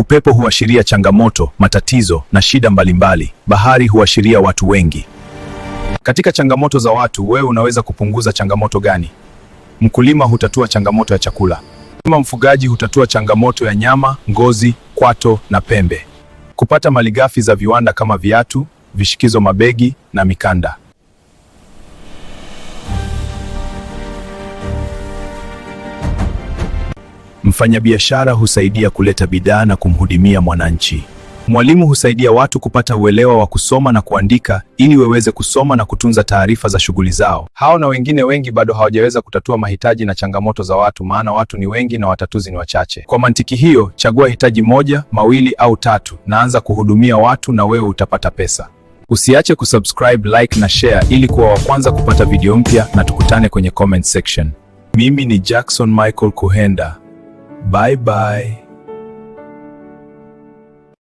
Upepo huashiria changamoto, matatizo na shida mbalimbali. Bahari huashiria watu wengi. Katika changamoto za watu, wewe unaweza kupunguza changamoto gani? Mkulima hutatua changamoto ya chakula. Kama mfugaji hutatua changamoto ya nyama, ngozi, kwato na pembe. Kupata malighafi za viwanda kama viatu, vishikizo, mabegi na mikanda. Mfanyabiashara husaidia kuleta bidhaa na kumhudumia mwananchi. Mwalimu husaidia watu kupata uelewa wa kusoma na kuandika ili waweze kusoma na kutunza taarifa za shughuli zao. Hao na wengine wengi bado hawajaweza kutatua mahitaji na changamoto za watu, maana watu ni wengi na watatuzi ni wachache. Kwa mantiki hiyo, chagua hitaji moja, mawili au tatu, naanza kuhudumia watu na wewe utapata pesa. Usiache kusubscribe, like na share ili kuwa wa kwanza kupata video mpya, na tukutane kwenye comment section. Mimi ni Jackson Michael Kuhenda. Bye bye.